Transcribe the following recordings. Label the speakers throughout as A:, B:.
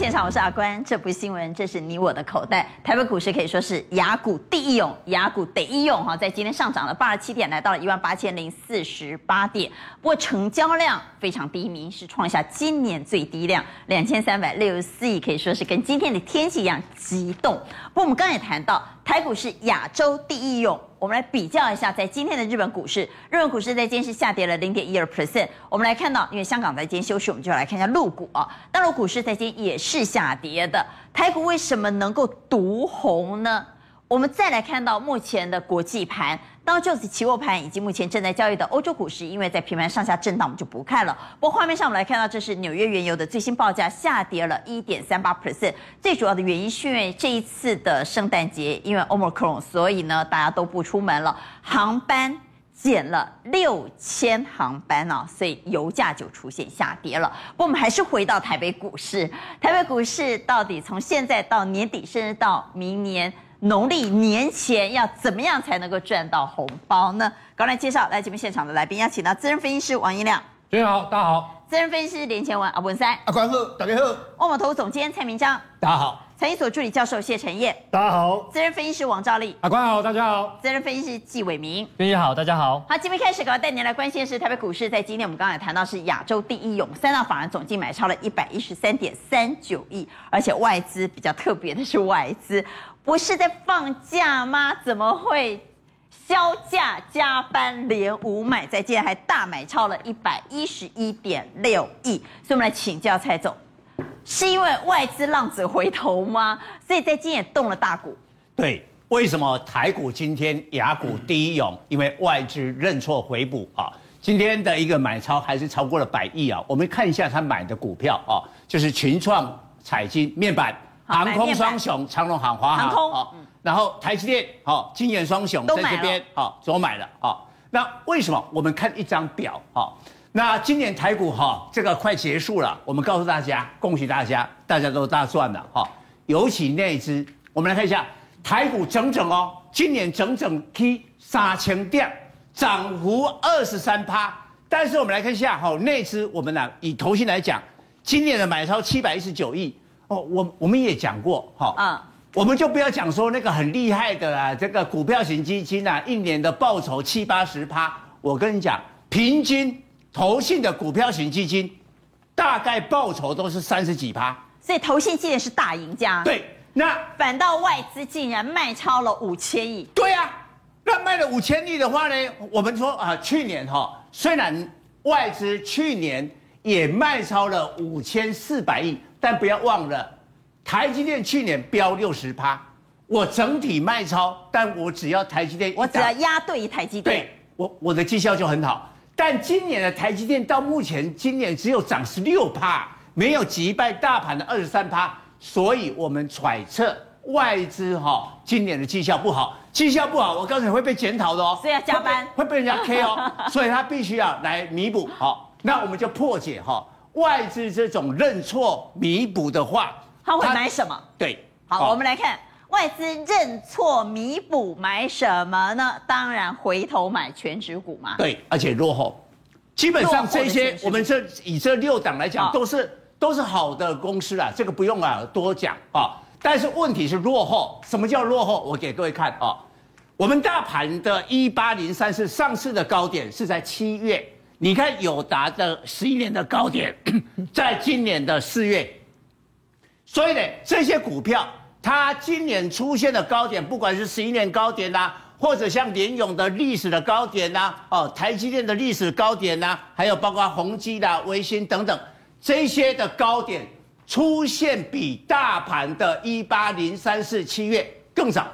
A: 現場我是阿關，這不是新聞，這是你我的口袋。台北股市可以說是亞股第一勇，亞股第一勇哈，在今天上漲了八十七點，來到了一萬八千零四十八點。不過成交量非常低迷，是創下今年最低量兩千三百六十四億，64，可以說是跟今天的天氣一樣急凍。不過我們剛也談到，台股是亞洲第一勇。我們來比較一下，在今天的日本股市，日本股市在今天是下跌了零點一二 percent。我們來看到，因為香港在今天休市，我們就來看一下陸股啊。大陸股市在今天也是下跌的。台股為什麼能夠獨紅呢？我們再來看到目前的國際盤。道瓊期指開盤，以及目前正在交易的歐洲股市，因為在平盤上下震盪，我們就不看了。不過畫面上，我們來看到，這是紐約原油的最新報價，下跌了一點三八%，最主要的原因是因為這一次的聖誕節，因為 Omicron 所以呢，大家都不出門了，航班減了六千航班啊，所以油價就出現下跌了。不過我們還是回到台北股市，台北股市到底從現在到年底，甚至到明年？農曆年前要怎麼樣才能夠賺到紅包呢？剛來介紹來節目現場的來賓，要請到資深分析師王映亮。主
B: 持人好，大家好。
A: 資深分析師連乾文，阿文山，阿光哥，大家好。沃某投總監蔡明彰，大家好。財訊所助理教授謝晨彥，大家好；資深分析師王兆立。阿官好，大家好；資深分析師紀緯明，分析好，大家好。好，今天一開始，我要帶您來關心的是台北股市。在今天，我們剛才談到是亞洲第一勇，三大法人總計買超了一百一十三點三九億，而且外資比較特別的是外資，外資不是在放假嗎？怎麼會銷假加班連五買，在今天還大買超了一百一十一點六億。所以我們來請教蔡總。是因為外資浪子回頭嗎？所以在今年動了大股。
C: 對，為什麼台股今天亞股第一勇？嗯、因為外資認錯回補啊。今天的一個買超還是超過了百億啊。我們看一下他買的股票啊，就是群創、彩晶、面板、嗯、航空雙板雄、長榮航,航、華航啊，然後台積電、好、啊、晶圓雙雄在這邊啊，都買了,、哦、怎麼買了啊。那為什麼？我們看一張表啊。那今年台股哈、哦，這個快結束了，我們告訴大家，恭喜大家，大家都大賺了哈、哦。尤其那一支，我們來看一下，台股整整哦，今年整整踢三千點，漲幅二十三趴。但是我們來看一下哈、哦，那支我們呢、啊，以投信來講，今年的買超七百一十九億哦。我我們也講過哈，啊、哦，嗯、我們就不要講說那個很厲害的、啊、這個股票型基金啊，一年的報酬七八十趴。我跟你講，平均。投信的股票型基金，大概報酬都是三十幾趴，
A: 所以投信竟然是大贏家。對，那反倒外資竟然賣超了五千億。對啊，
C: 那賣了五千億的話呢？我們說啊，去年哈，雖然外資去年也賣超了五千四百億，但不要忘了，台積電去年飆六十趴，我整體賣超，但我只要台積電，我只要壓對台積電，對，我我的績效就很好。但今年的台積電到目前，今年只有漲十六趴，沒有擊敗大盤的二十三趴，所以我們揣測外資哈、喔、今年的績效不好，績效不好，我告訴你會被檢討的哦，所以要加班會被人家 K 哦、喔，所以他必須要來彌補好，那我們就破解哈、喔、外資這種認錯彌補的話，
A: 他會買什麼？
C: 對，好，我們
A: 來看。外資認錯彌補買什麼呢？當然回頭買權值股嘛。
C: 對，而且落後。基本上這些，我們這以這六檔來講，都是都是好的公司啊，這個不用啊多講啊。但是問題是落後。什麼叫落後？我給各位看啊。我們大盤的一八零三是上市的高點是在七月，你看友達的十一年的高點在今年的四月，所以呢，這些股票。它今年出現的高點，不管是十一年高點吶、啊，或者像聯詠的歷史的高點吶、啊，哦，台積電的歷史高點吶、啊，還有包括宏基啦、微星等等這些的高點出現，比大盤的一八零三四七月更少。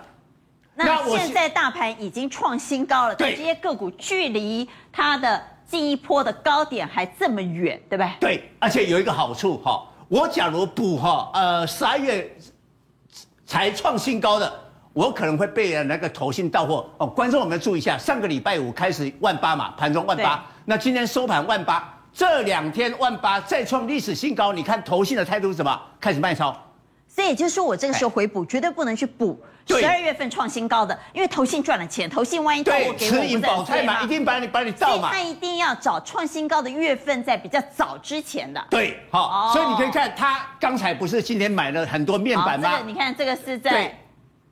A: 那現在大盤已經創新高了，對但這些個股距離它的近一波的高點還這麼遠，對吧？
C: 對，而且有一個好處哈，我假如補哈，呃，十二月。才創新高的，我可能會被人那個投信倒貨哦。觀眾，我們要注意一下，上個禮拜五開始萬八嘛，盤中萬八對，那今天收盤萬八，這兩天萬八再創歷史新高。你看投信的態度是什麼？開始賣超，
A: 所以也就是說，我這個時候回補唉絕對不能去補。十二對月份創新高的，因為投信賺了錢，投信萬一了對，持盈保泰嘛，一定把你把你造嘛。所以他一定要找創新高的月份在比較早之前的。對，
C: 好、哦，所以你可以看他剛才不是今天買了很多面板嗎？哦這個、你
A: 看這個是在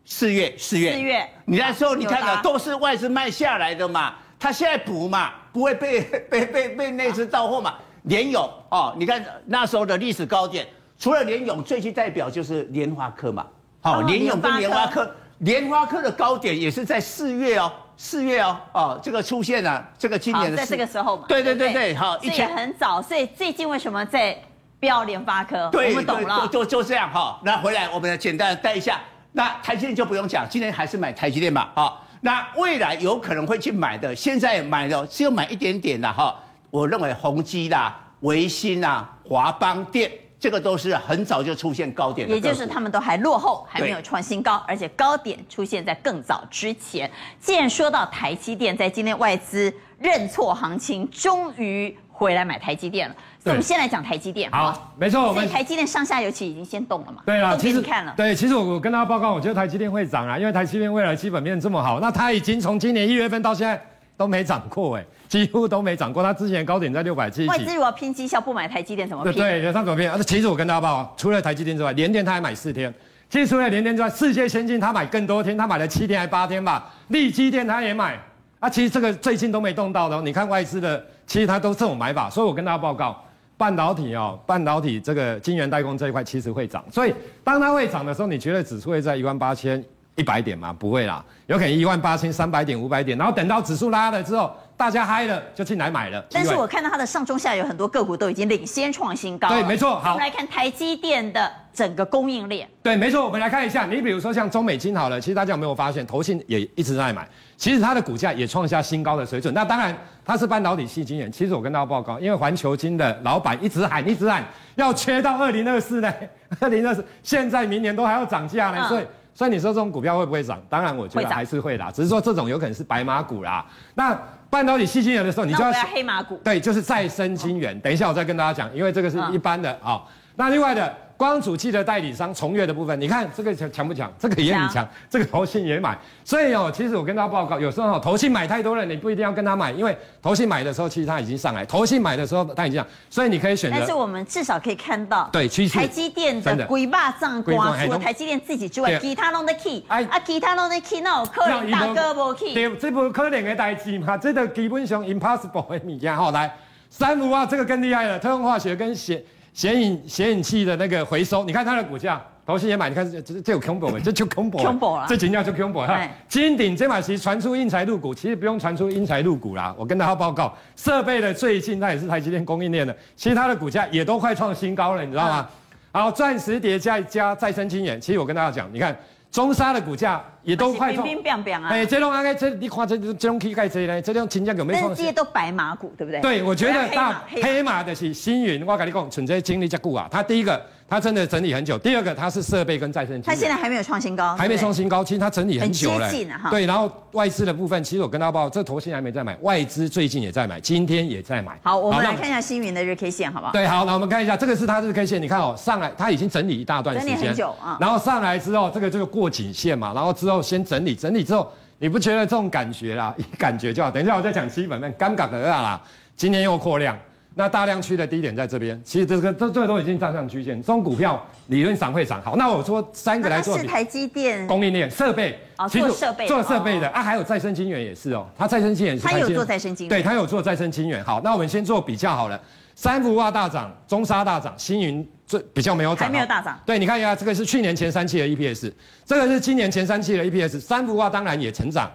C: 四月，四月。四月，你那時候你看的、啊、都是外資賣下來的嘛，他現在補嘛，不會被被被被那次倒貨嘛？聯詠、啊、哦，你看那時候的歷史高點，除了聯詠，最具代表就是聯發科嘛。好，聯詠、哦、跟聯發科，聯發科的高點也是在四月哦，四月哦，哦，這個出現了、啊，這個今年的 4, 在這個時候嘛，對對對對，好、欸，一起以前很
A: 早，所以最近為什麼在標聯發科？對我們懂了，
C: 就就，就這樣哈、哦。那回來我們簡單的帶一下，那台積電就不用講，今天還是買台積電嘛好、哦，那未來有可能會去買的，現在買的只有買一點點的哈、哦。我認為宏碁啦、維新啦、啊、華邦電。這個都是很早就出現高點，也就是他
A: 們都還落後，還沒有創新高，對而且高點出現在更早之前。既然說到台積電，在今天外資認錯行情，終於回來買台積電了。對所以我們先來講台積電。好，好，沒錯，所以台積電上下游其實已經先動了嘛。對啊了，了其實看了。對，
B: 其實我我跟大家報告，我覺得台積電會漲啊，因為台積電未來基本面這麼好，那它已經從今年一月份到現在。都沒漲過哎，幾乎都沒漲過。他之前高點在六百七。外資如
A: 果拼績效不買台積電，怎麼拼？對，對，對，
B: 有上昨片啊，其實我跟大家報告，除了台積電之外，聯電他還買四天。其實除了聯電之外，世界先進他買更多天，他買了七天還八天吧。力積電他也買。啊，其實這個最近都沒動到的。你看外資的，其實它都是這種買法。所以我跟大家報告，半導體哦，半導體這個晶圓代工這一塊其實會漲。所以當它會漲的時候，你覺得指數會在一萬八千？一百點嗎？不會啦，有可能一萬八千三百點、五百點，然後等到指數拉了之後，大家嗨了就進來買了。但是我
A: 看到它的上中下游很多個股都已經領先創新高。對，沒錯。好，我們來看台積電的整個供應鏈。
B: 對，沒錯。我們來看一下，你比如說像中美晶好了，其實大家有沒有發現，投信也一直在買，其實它的股價也創下新高的水準。那當然，它是半導體矽晶圓。其實我跟大家報告，因為環球晶的老板一直喊一直喊要缺到二零二四呢，二零二四現在明年都還要漲價呢。嗯、所以。所以你說這種股票會不會漲？當然我覺得還是會啦。會長只是說這種有可能是白馬股啦。那半導體吸金源的時候，你就要，要
A: 黑馬股。對，
B: 就是再生金源。哦、等一下我再跟大家講，因為這個是一般的啊、嗯哦。那另外的。光主器的代理商重越的部分，你看這個強不強？這個也很強，這個投信也買。所以哦、喔，其實我跟大家報告，有時候頭、喔、投信買太多了，你不一定要跟他買，因為投信買的時候，其實他已經上來。投信買的時候，他已經漲，所以你可以選擇。但是我
A: 們至少可以看到，對，七七台積電的鬼把仗光，除了台積電自己之外，其對他 n o n key，啊，其他 none key，那可能大哥不去，對，
B: 這部可能的代志，哈，這個基本上 impossible 的物件哈。來，三五啊，這個更厲害了，特用化學跟鞋顯影顯影器的那個回收，你看它的股價，同時也買，你看這這有 combo 嗎？這就 combo，combo 這股價就 combo 哈。金鼎這買其實傳出英才入股，其實不用傳出英才入股啦。我跟大家報告，設備的最近它也是台積電供應鏈的，其實它的股價也都快創新高了，你知道嗎？嗯、好，鑽石碟加加再生晶圓，其實我跟大家講，你看中砂的股價。也都快
A: 創，哎，這
B: 種啊，這你看這這種去蓋這裡呢，這種成長有沒創，這些
A: 都白馬股對不對？對，我覺得大黑馬
B: 的是星雲，我跟你講，存這經歷力在啊。他第一個，他真的整理很久；第二個，他是設備跟再生。他現在還
A: 沒有創新高，還沒創
B: 新高，其實他整理很久了。很接近啊，哈。對，然後外資的部分，其實我跟阿報，這頭現在還沒在買，外資最近也在買，今天也在買。好，我們來看一
A: 下星雲的日 K 線好不好？對，
B: 好，那我們看一下這個是他日 K 線，你看哦，上來他已經整理一大段時間，很久啊。然後上來之後，這個這個過頸線嘛，然後之後。然後先整理整理之後，你不覺得這種感覺啦？一感覺就，好。等一下我再講基本面，尷尬的啦！今天又擴量。那大量區的低點在這邊，其實這個這這個，都已經站上均線，這種股票理論上會漲。好，那我說三個來做比，是台
A: 積電供
B: 應鏈設備、哦、實做設備做設備的、哦、啊，還有再生晶圓也是哦，它再生晶圓它有做再生晶圓，對它有做再生晶圓。好，那我們先做比較好了，三福化大漲，中砂大漲，星雲最比較沒有漲，還沒有大漲。對，你看一下這個是去年前三期的 EPS，這個是今年前三期的 EPS，三福化當然也成長，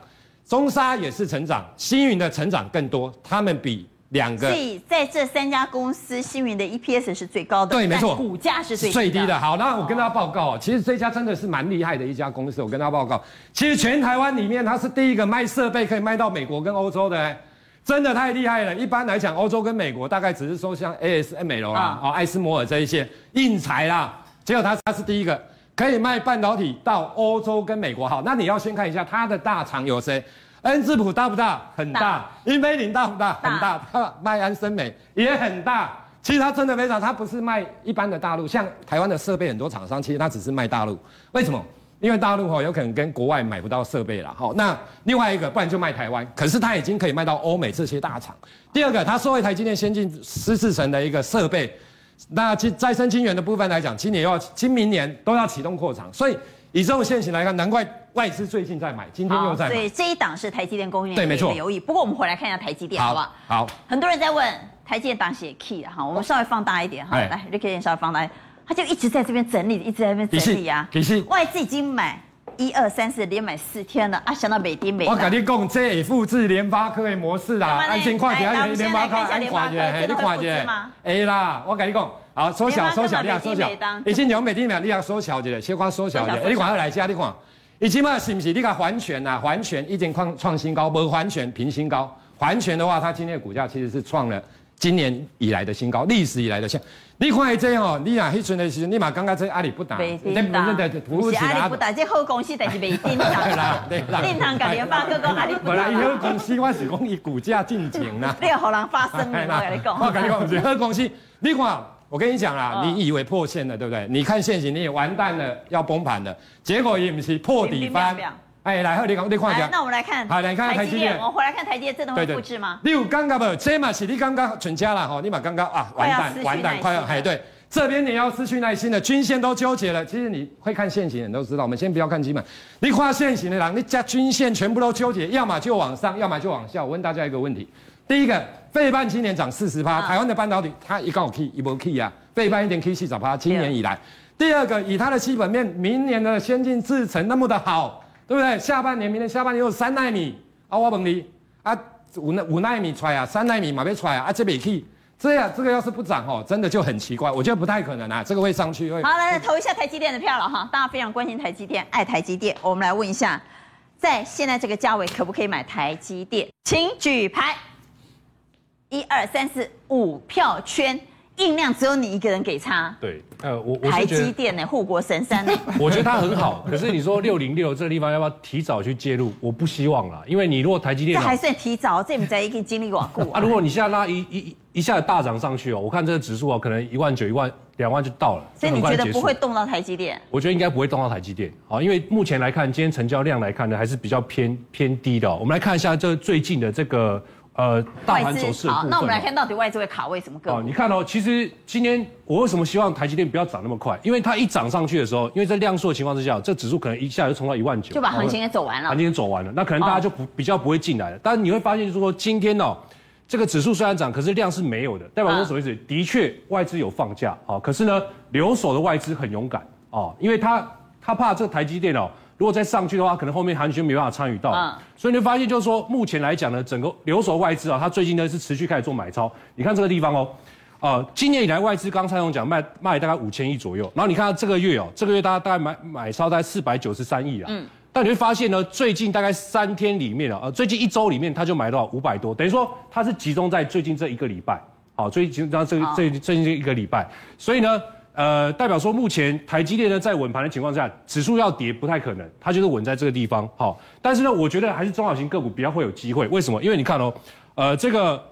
B: 中砂也是成長，星雲的成長更多，他們比。兩個，
A: 所以在這三家公司，辛耘的 EPS 是最高的，對，沒錯，股價是最低的是最低的。好，那我跟大
B: 家報告哦，其實這家真的是蠻厲害的一家公司。我跟大家報告，其實全台灣裡面它是第一個賣設備可以賣到美國跟歐洲的，真的太厲害了。一般來講，歐洲跟美國大概只是說像 ASML 啦、哦、啊、艾斯摩爾這一些應材啦，結果它它是第一個可以賣半導體到歐洲跟美國。好，那你要先看一下它的大廠有誰？恩智浦大不大？很大。大英飛凌大不大？很大。大他賣安森美也很大。其實他真的非常，他不是賣一般的大陸，像台灣的設備很多廠商，其實他只是賣大陸。為什麼？因為大陸哈、哦、有可能跟國外買不到設備了。好、哦，那另外一個，不然就賣台灣。可是他已經可以賣到歐美這些大廠。第二個，他作為台積電先進私四成的一個設備，那再生晶圓的部分來講，今年又要、今明年都要啟動擴廠。所以以這種現行來看，難怪。外資最近在買，今天又在買。所
A: 以這一檔是台積電供應鏈，對，沒錯。留意。不過我們回來看一下台積電，好不好？好。很多人在問台積電檔是 key 的，好，我們稍微放大一點，哈，來，Ricky 稍微放大，一點，他就一直在這邊整理，一直在那邊整理啊。其實外資已經買一二三四連買四天了啊，想到美金美。我跟你
B: 講，這複製聯發科的模式啊。按心快點啊，聯發科，哎，你看你快點。啦，我跟你講，好，縮小，縮小，你要，縮小，已經兩美金了，力量縮小的，先花縮小的，哎，你快來一下，你看以及嘛是不是？你看還權啊，還權已經創創新高，無還權平新高。還權的話，它今天的股價其實是創了今年以來的新高，歷史以來的新。你看這樣哦、喔，你啊黑春的時你嘛剛剛這阿里不打，對對對，這不是阿里不打，這好公司，但是袂頂 對啦，對啦。
A: 寧糖
B: 跟研發，
A: 佮講阿里不打。原來伊好公
B: 司，我是講以股價進行啦。 你個
A: 好人發聲， 啦我跟你講。 我跟你講，
B: 是 好公司。你看。我跟你講啦，哦、你以為破線了，對不對？你看線型，你也完蛋了，哎、要崩盤了，結果也不是破底翻，並並哎，來賀立剛，你看一下，那我們
A: 來看，好，來看台階。台我們回來看台階，這東西複製嗎？對對
B: 你剛剛不，嗯、這嘛是你剛剛成交了，吼，你嘛剛剛啊，完蛋，完蛋，快要，哎，對，這邊你要失去耐心了，均線都糾結了。其實你會看線型的人都知道。我們先不要看基本，你畫線型的人，你加均線全部都糾結，要麼就往上，要麼就往下。我問大家一個問題。第一個，費半今年漲四十八，台灣的半導體它一夠 key，一波 key 啊，費半、啊、一點 key 是漲八，今年以來。對第二個，以它的基本面，明年的先進製程那麼的好，對不對？下半年，明年下半年有三納米，啊，我問你，啊五五納米出來啊，三納米馬上出來啊，啊，這沒 key，這樣這個要是不漲哦、喔，真的就很奇怪，我覺得不太可能啊，這個會上去。會好，
A: 來，來投一下台積電的票了哈，大家非常關心台積電，愛台積電，我們來問一下，在現在這個價位可不可以買台積電？請舉牌。一二三四五票圈，硬量只有你一個人給差。
D: 對，呃，我我覺得台積
A: 電呢，護國神山呢。 我覺得它很好，
D: 可是你說六零六這個地方要不要提早去介入？我不希望啦，因為你如果台積電還
A: 算提早，喔、這不在一定經歷網
D: 啊，啊。如果你現在拉一一一,一下子大漲上去哦、喔，我看這個指數哦、喔，可能一萬九、一萬兩萬就到了。所以你覺得不會
A: 動到台積電？
D: 我覺得應該不會動到台積電啊，因為目前來看，今天成交量來看呢，還是比較偏偏低的、喔。我們來看一下這最近的這個。呃，大盤走勢、哦、好，那我們來
A: 看到底外資會卡位什麼個股哦？你
D: 看哦，其實今天我為什麼希望台積電不要漲那麼快？因為它一漲上去的時候，因為在量縮的情況之下，這個、指數可能一下就衝到一萬九，就把行情也走完了。行情走完了，那可能大家就不、哦、比較不會進來了。但是你會發現，就是說今天哦，這個指數雖然漲，可是量是沒有的，代表說什麼意思？啊、的確外資有放假啊、哦，可是呢，留守的外資很勇敢啊、哦，因為他他怕這個台積電哦。如果再上去的話，可能後面行情沒辦法參與到。啊、所以你會發現，就是說目前來講呢，整個留守外資啊，它最近呢是持續開始做買超。你看這個地方哦，啊、呃，今年以來外資剛才我們講賣賣大概五千億左右，然後你看到這個月哦，這個月大家大概買買超大概四百九十三億啊。嗯。但你會發現呢，最近大概三天裡面啊、呃，最近一周裡面，它就買到五百多，等於說它是集中在最近這一個禮拜。好、哦，最近那這，個啊、這最近這一個禮拜，所以呢。呃，代表說目前台積電呢在穩盤的情況下，指數要跌不太可能，它就是穩在這個地方。好、哦，但是呢，我覺得還是中小型個股比較會有機會。為什麼？因為你看哦，呃，這個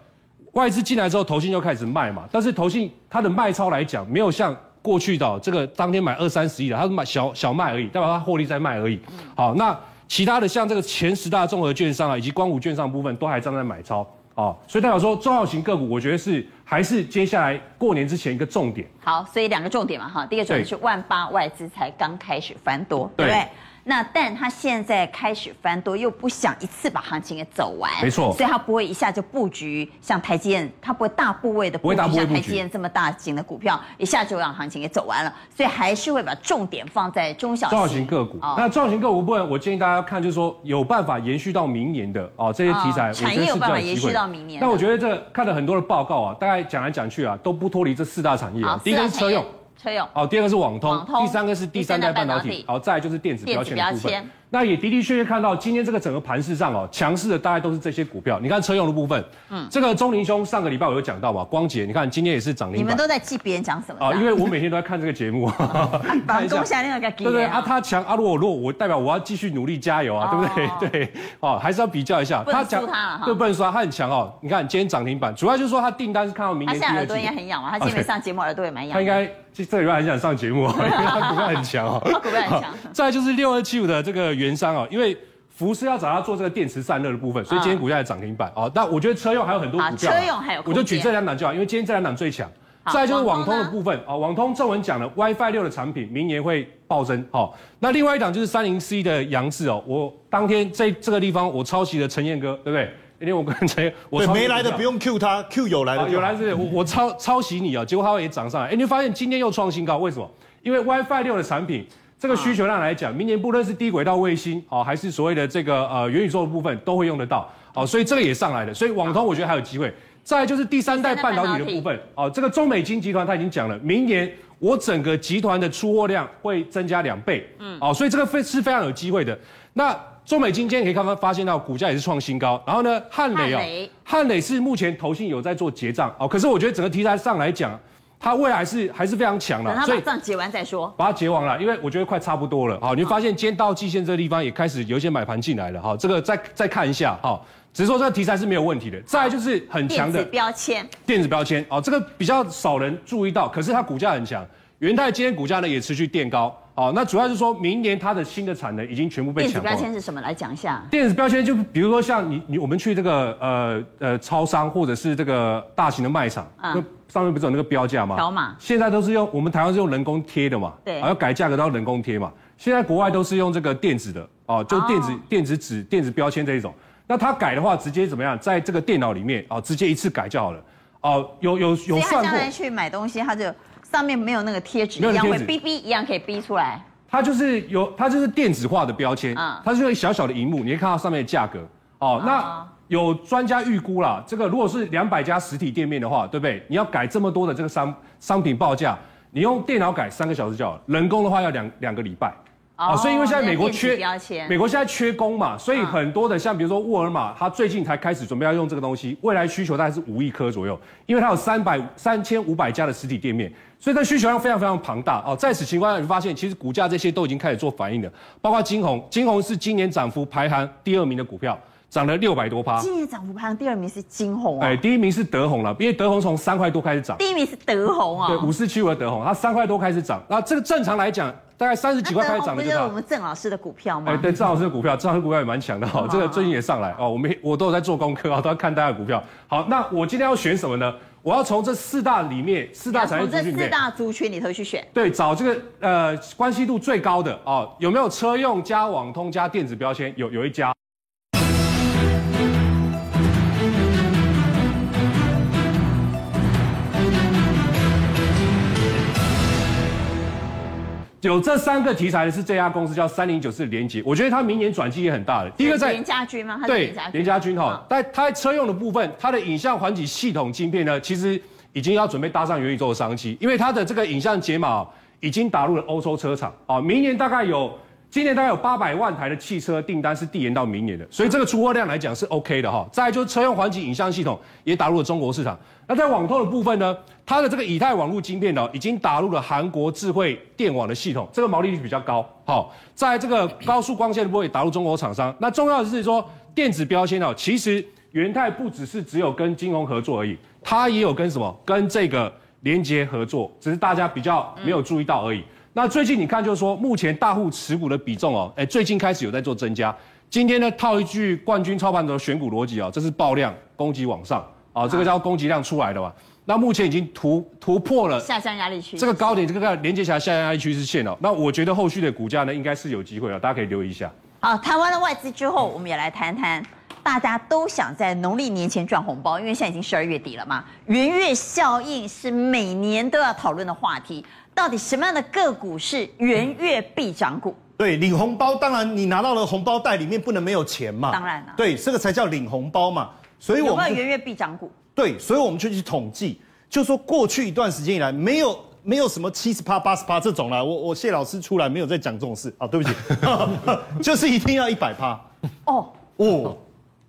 D: 外資進來之後，投信就開始賣嘛。但是投信它的賣超來講，沒有像過去的、哦、這個當天買二三十億的，它是買小小賣而已，代表它獲利在賣而已。好、哦，那其他的像這個前十大綜合券商啊，以及光武券商部分都還站在買超啊、哦，所以代表說中小型個股，我覺得是。還是接下來過年之前一個重點。
A: 好，所以兩個重點嘛，哈，第一個重點就是萬八，外資才剛開始翻對多，對不對？對那，但他現在開始翻多，又不想一次把行情給走完，沒錯錯，所以他不會一下就布局像台積電，他不會大部位的布局像台積電這麼大型的股票，一下就讓行情給走完了，所以還是會把重點放在中小型。中小型個股。哦、那中
D: 小型個股部分，我建議大家看，就是說有辦法延續到明年的啊、哦、這些題材、哦，產業有辦法延續到明年。但我覺得這看了很多的報告啊，大概講來講去啊，都不脫離這四大產業。好第一個是車用。車用好第二個是網通，第三個是第三代半導體，好後再就是電子標籤的部分。那也的的確確看到今天這個整個盤勢上哦，強勢的大概都是這些股票。你看車用的部分，嗯，這個鍾林兄上個禮拜我有講到嘛，光潔，你看今天也是漲停板。你們都
A: 在記別人講什麼啊？因為我
D: 每天都在看這個節目。板東下那個給。對對啊，他強啊！如果我弱，我代表我要繼續努力加油啊，對不對？對，哦，還是要比較一下。他強對不能輸他，他很強哦。你看今天漲停板，主要就是說他訂單是看到明年。他現在耳朵應該很癢嗎？他
A: 現在上節目耳朵也蠻癢。他應
D: 該。這裡面還想上節目，因為他股價很強啊。股價很強。再來就是六二七五的這個元山，因為福斯要找他做這個電池散熱的部分，所以今天股價也漲停板啊。但、嗯哦、我覺得車用還有很多股票，車用還有，我就舉這兩檔就好，因為今天這兩檔最強。好再來就是網通，網通的部分啊、哦，網通正文講了 WiFi 六的產品，明年會暴增。好、哦，那另外一檔就是三零 C 的揚智哦，我當天在這個地方我抄襲了晨彥哥，對不對？因為我剛才我對沒來的不用
E: Q 他，他 Q 有來的，有來的是是我我抄
D: 抄襲你啊、喔，結果他會也漲上來。哎、欸，你發現今天又創新高，為什麼？因為 WiFi 六的產品，這個需求量來講，明年不論是低軌道衛星哦、喔，還是所謂的這個呃元宇宙的部分，都會用得到。好、喔，所以這個也上來的。所以網通我覺得還有機會。再來就是第三代半導體的部分，哦、喔，這個中美金中美晶集團它已經講了，明年我整個集團的出貨量會增加兩倍。嗯，哦，所以這個非是非常有機會的。那。中美今天可以看到，發現到股價也是創新高，然後呢，漢磊哦，漢磊。漢磊是目前投信有在做結賬哦，可是我覺得整個題材上來講，它未來是還是非常強的。把它把賬
A: 結完再說。
D: 把它結完了，因為我覺得快差不多了。好、哦，你會發現今天到季線這個地方也開始有一些買盤進來了哈、哦，這個再再看一下哈、哦，只是說這個題材是沒有問題的。再來就是很強的電子
A: 標籤。
D: 電子標籤啊，這個比較少人注意到，可是它股價很強。元太今天股價呢也持續墊高。哦，那主要是說明年它的新的產能已經全部被搶了。電子標
A: 籤是什麼？來講一下。
D: 電子標籤就比如說像你你我們去這個呃呃超商或者是這個大型的賣場，那、嗯、上面不是有那個標價嗎？條碼。現在都是用我們台灣是用人工貼的嘛？對。還要、啊、改價格都要人工貼嘛？現在國外都是用這個電子的，哦、啊，就電子電子紙電子標籤這一種。哦、那它改的話，直接怎麼樣？在這個電腦裡面，哦、啊，直接一次改就好了。哦、啊，有有有算過。以他現在去
A: 買東西、這個，它就。上面沒有那個貼紙一樣會逼逼，一樣可以逼
D: 出來，它就是有，它就是電子化的標籤，嗯、它就一小小的螢幕，你可以看到上面的價格。哦，哦，那有專家預估啦，這個如果是兩百家實體店面的話，對不對？你要改這麼多的這個商商品報價，你用電腦改三個小時就好了，人工的話要兩兩個禮拜。
A: 哦，哦，所以因為現在美國缺美
D: 國現在缺工嘛，所以很多的、嗯、像比如說沃爾瑪，它最近才開始準備要用這個東西，未來需求大概是五億顆左右，因為它有三百三千五百家的實體店面。所以，在需求量非常非常龐大哦。在此情況下，你發現其實股價這些都已經開始做反應了，包括金紅。金紅是今年漲幅排行第二名的股票，漲了六百多趴。今年
A: 漲幅排行第二名是金紅啊、哦。哎，
D: 第一名是德宏了，因為德宏從三塊多開始漲。第
A: 一名是德宏啊、哦。對，五
D: 四七五的德宏，它三塊多開始漲。那這個正常來講，大概三十幾塊開始漲的。不是我們
A: 鄭老師的股票嗎？哎，對，
D: 鄭老師的股票，鄭老師股票也蠻強的哈。哦、好這個最近也上來哦，我們我都有在做功課啊、哦，都要看大家的股票。好，那我今天要選什麼呢？我要從這四大裡面，四大產業，從這四大
A: 族群裡頭去選，
D: 對，找這個呃關係度最高的哦，有沒有車用加網通加電子標籤？有，有一家。有這三個題材，是這家公司叫三零九四聯傑，我覺得它明年轉機也很大的。第一個在聯家
A: 軍嘛，連連對，聯家
D: 軍哈，好但它在車用的部分，它的影像環解系統晶片呢，其實已經要準備搭上元宇宙的商機，因為它的這個影像解碼已經打入了歐洲車廠啊，明年大概有。今年大概有八百萬台的汽車訂單是遞延到明年的，所以這個出貨量來講是 OK 的哈、哦。再來就是車用環境影像系統也打入了中國市場。那在網通的部分呢，它的這個以太網路芯片呢、哦，已經打入了韓國智慧電網的系統，這個毛利率比較高。好、哦，在這個高速光纖的部位打入中國廠商。那重要的是說，電子標籤哦，其實元太不只是只有跟金融合作而已，它也有跟什麼跟這個連接合作，只是大家比較沒有注意到而已。嗯那最近你看，就是說目前大戶持股的比重哦、欸，最近開始有在做增加。今天呢，套一句冠軍操盤的選股邏輯啊，這是爆量攻擊往上啊，這個叫攻擊量出來的嘛。那目前已經突突破了下
A: 降壓力區，這個
D: 高點這個連接起來下降壓力趨勢線哦。那我覺得後續的股價呢，應該是有機會啊、哦，大家可以留意一下。
A: 好，談完了外資之後，嗯、我們也來談談大家都想在農曆年前賺紅包，因為現在已經十二月底了嘛，元月效應是每年都要討論的話題。到底什麼樣的個股是元月必漲股、嗯？
E: 對，領紅包，當然你拿到了紅包袋裡面不能沒有錢嘛。當然了、啊，對，這個才叫領紅包嘛。所以我們有有元月必漲股。對，所以我們就去統計，就說過去一段時間以來，沒有沒有什麼七十趴、八十趴這種啦。我我謝老師出來沒有再講這種事啊、哦，對不起， 就是一定要一百趴。哦，哦，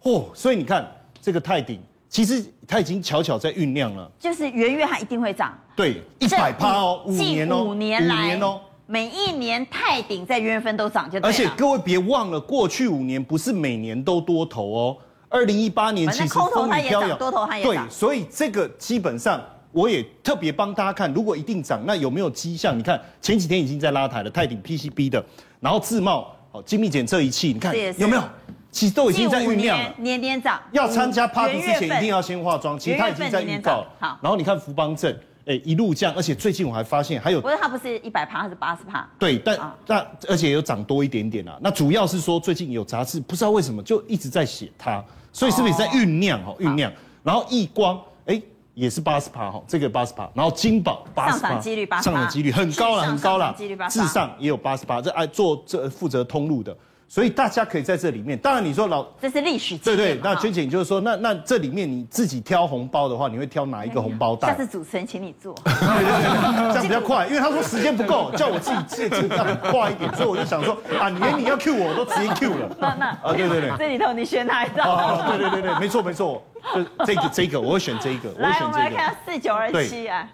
E: 哦，所以你看這個太頂。其實他已經悄悄在醞釀了，
A: 就是元月它一定會漲，
E: 對，一百趴哦，哦、喔，五年，喔、五年來，年喔、
A: 每一年泰鼎在元月份都漲，就而且各
E: 位別忘了，過去五年不是每年都多頭哦、喔，二零一八年其實空頭它也漲，多頭它也漲，對，所以這個基本上我也特別幫大家看，如果一定漲，那有沒有跡象？嗯、你看前幾天已經在拉抬了，泰鼎 PCB 的，然後致茂，精密檢測儀器，你看是是有沒有？其實都已經在醞釀了，
A: 年年漲，要參加 party 之前一定
E: 要先化妝，其實他已經在醞釀。好，然後你看福邦證、欸，一路降，而且最近我還發現還有，不
A: 是它不是一百趴，他是八十趴。對，
E: 但但而且有漲多一點點啦、啊。那主要是說最近有雜誌不知道為什麼就一直在寫它。所以是不是也在醞釀吼醞釀。然後易光，哎、欸，也是八十趴哈，這個八十趴。然後金寶八十趴，上漲幾率上漲幾率很高了，很高了，至上，上也有八十八。這哎、啊、做這負責通路的。所以大家可以在這裡面，當然你說老
A: 這是歷史對，對對。那娟姐
E: 你就是說，那那這裡面你自己挑紅包的話，你會挑哪一個紅包袋？下次
A: 主持人請你做 對對對，這樣比較快，因為他說時間不夠，叫我自己自己要快一點，
E: 所以我就想說啊，你連你要 Q 我，我都直接 Q 了。那那啊，對對
A: 對，這裡頭你選哪一張？對對對對，沒錯
E: 沒錯，就這個這個，我會選這個。來，我，會選這個，我們來看
A: 四九二七啊。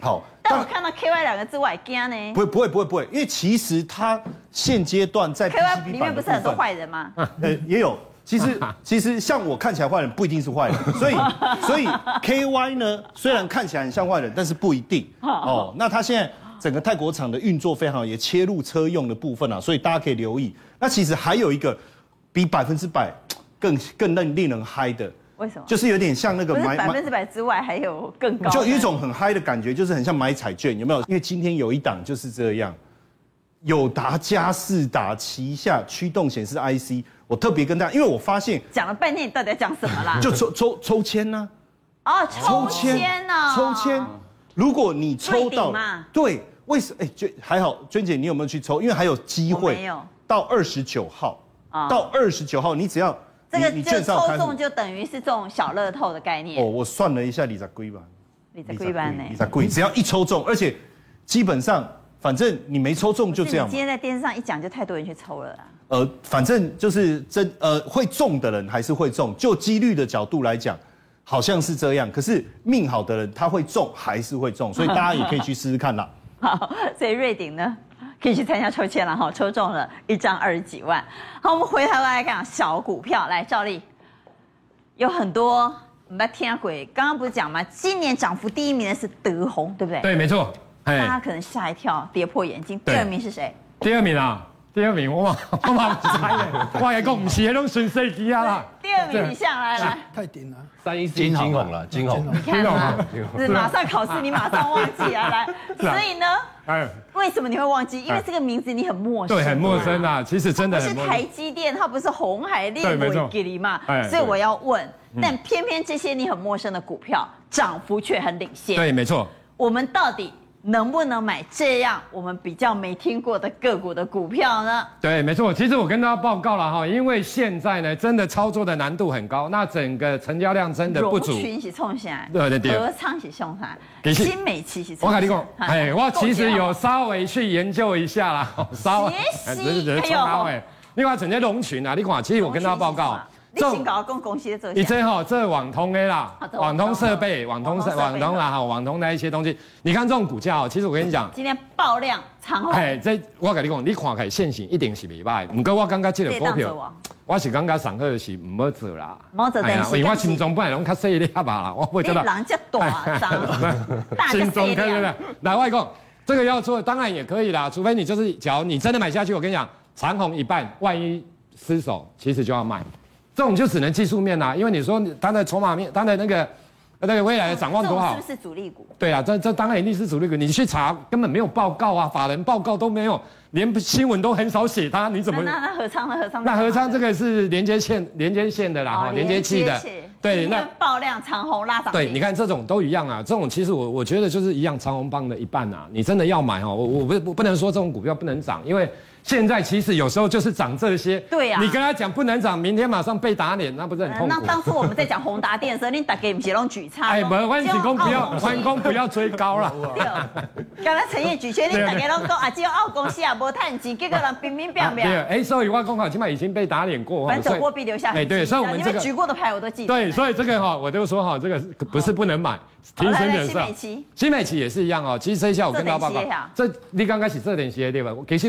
A: 好，但我看到 K Y 兩個字我還
E: 驚呢。不，不會，不會，不會，因為其實它現階段在 K Y 裡面不是很多壞人嗎？也有。其實，其實像我看起來壞人不一定是壞人， 所以，所以 K Y 呢，雖然看起來很像壞人，但是不一定。 哦，那他現在整個泰國廠的運作非常好，也切入車用的部分了，啊，所以大家可以留意。那其實還有一個比百分之百更更令令人嗨的。為什麼？就是有點像那個買百分
A: 之百之外還有更高，就有一種
E: 很嗨的感覺，就是很像買彩券，有沒有？因為今天有一檔就是這樣，友達佳世達旗下驅動顯示 IC，我特別跟大家，因為我發現講了半天，你到
A: 底在講什麼啦？ 就抽
E: 抽抽籤呢、啊？
A: 哦，抽籤呢？抽
E: 籤，如果你抽到，對，為什麼？哎、欸，娟還好，娟姐你有沒有去抽？因為還有機會，沒有？到二十九號到二十九號，哦、號你只要。這個抽中就等於是這
A: 種小樂透的概念。哦，
E: 我算了一下，二十幾萬，
A: 二十
E: 幾萬呢，只要一抽中，而且基本上反正你沒抽中就這樣。你今
A: 天在電視上一講，就太多人去抽
E: 了啦。呃，反正就是真呃會中的人還是會中，就幾率的角度來講，好像是這樣。可是命好的人他會中還是會中，所以大家也可以去試試看啦。
A: 好，所以瑞鼎呢？可以去參加抽籤了哈，抽中了一張二十幾萬。好，我們回頭來看小股票。來，兆立有很多，我那天啊鬼，剛剛不是講嗎？今年漲幅第一名的是德宏，對不對？對，沒
B: 錯。大家可
A: 能嚇一跳，跌破眼鏡。對第二名是誰？
B: 第二名啊第二名，我嘛，我嘛，怪也講唔是那種順時序啦。第二名
A: 你下來來。太
F: 頂了，三一四金紅啦，
B: 金
F: 紅。你看嘛，是馬上考試，你
A: 馬上忘記啊，來。所以呢，
D: 哎，
A: 為什麼你會忘記？因為這個名字你很陌生。對，很陌生
B: 啊。其實真的。是台
A: 積電，它不是紅海獵物級嘛？哎，所以我要問，但偏偏這些你很陌生的股票，漲幅卻很領先。對，沒錯。我們到底？能不能買這樣我們比較沒聽過的個股的股票呢？
B: 對，沒錯。其實我跟大家報告了哈，因為現在呢，真的操作的難度很高，那整個成交量真的不足。
A: 龍群是衝上來，對對對。德昌是衝上給新美其實美我跟你講，哎、嗯，我其實有
B: 稍微去研究一下啦，稍微。學習席席還有。另外，整個龍群啊，你看其實我跟大家報告。
A: 這，你真好。
B: 這網通啦，網通設備，網通、網通啦，哈，網通的一些東西。你看這種股價，其實我跟你講，今天爆量
A: 長紅。哎，
B: 這我跟你講，你看起來線形一定是未敗，不過我感覺股票，我是感覺上好是唔好做啦。唔好做，等下我心中不然攏卡細一啲我覺得。你人多啊，大家別來，我跟你講這個要做，當然也可以啦。除非你就是，假如你真的買下去，我跟你講，長紅一半，萬一失手，其實就要賣。這種就只能技術面啦，啊，因為你說它的籌碼面，它的那個、那個、未來的展望多好。嗯、是是對啊，這這當然一定是主力股。你去查根本沒有報告啊，法人報告都沒有，連新聞都很少寫它，你怎麼？那那，那合
A: 昌的合昌的。那合昌
B: 這個是連接線，對連接線的啦，好連接器的。對，因為 那
A: 爆量長紅拉漲。對，你
B: 看這種都一樣啊，這種其實我我覺得就是一樣，長紅棒的一半啊。你真的要買哦，啊，我我不我不能說這種股票不能漲，因為。現在其實有時候就是漲這些，對呀。你跟他講不能漲，明天馬上被打臉，那不是很痛苦？那當初
A: 我們在講宏達電的時候，你打給傑龍舉菜哎，不要，萬公不要，萬公
B: 不要追高了。
A: 剛才晨彥舉說，你打給攏講啊，只有澳公司也無太景，結果人兵兵變
B: 變。哎，所以外公好起碼已經被打臉過。反正走過必留下。哎，對，所以我們這個舉過
A: 的牌我都記得。對，所以
B: 這個哈，我就說哈，這個不是不能買。好，新美琦。新美琪也是一樣哦，其實這一下我跟他爸爸，這你剛開始這點鞋對吧？我給給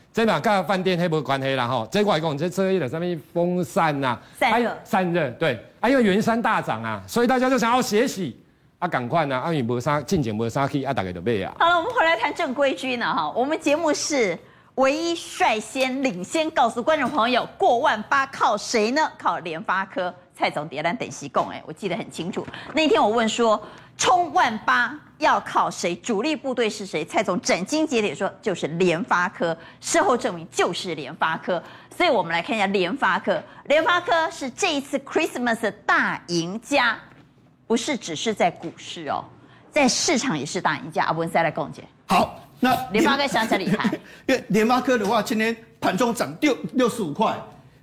B: 這嘛，跟飯店黑不關黑了吼，這個還這這一了，上面風扇吶、啊，散熱、啊、散熱，對，因為元山大漲啊，所以大家就想要、哦、學習啊，趕快吶，啊，無啥進前無啥去啊，大家就買啊。
A: 好了，我們回來談正規軍了哈，我們節目是唯一率先領先告訴觀眾朋友過萬八靠誰呢？靠聯發科蔡總疊氮等習供哎，我記得很清楚，那天我問說。衝萬八要靠誰？主力部隊是誰？蔡總斬釘截鐵說，就是聯發科。事後證明就是聯發科，所以我們來看一下聯發科。聯發科是這一次 Christmas 的大贏家，不是只是在股市哦，、喔，在市場也是大贏家。阿、啊、文再來講解。
F: 好，那聯發科現在厲害，因為聯發科的話，今天盤中漲六六十五塊，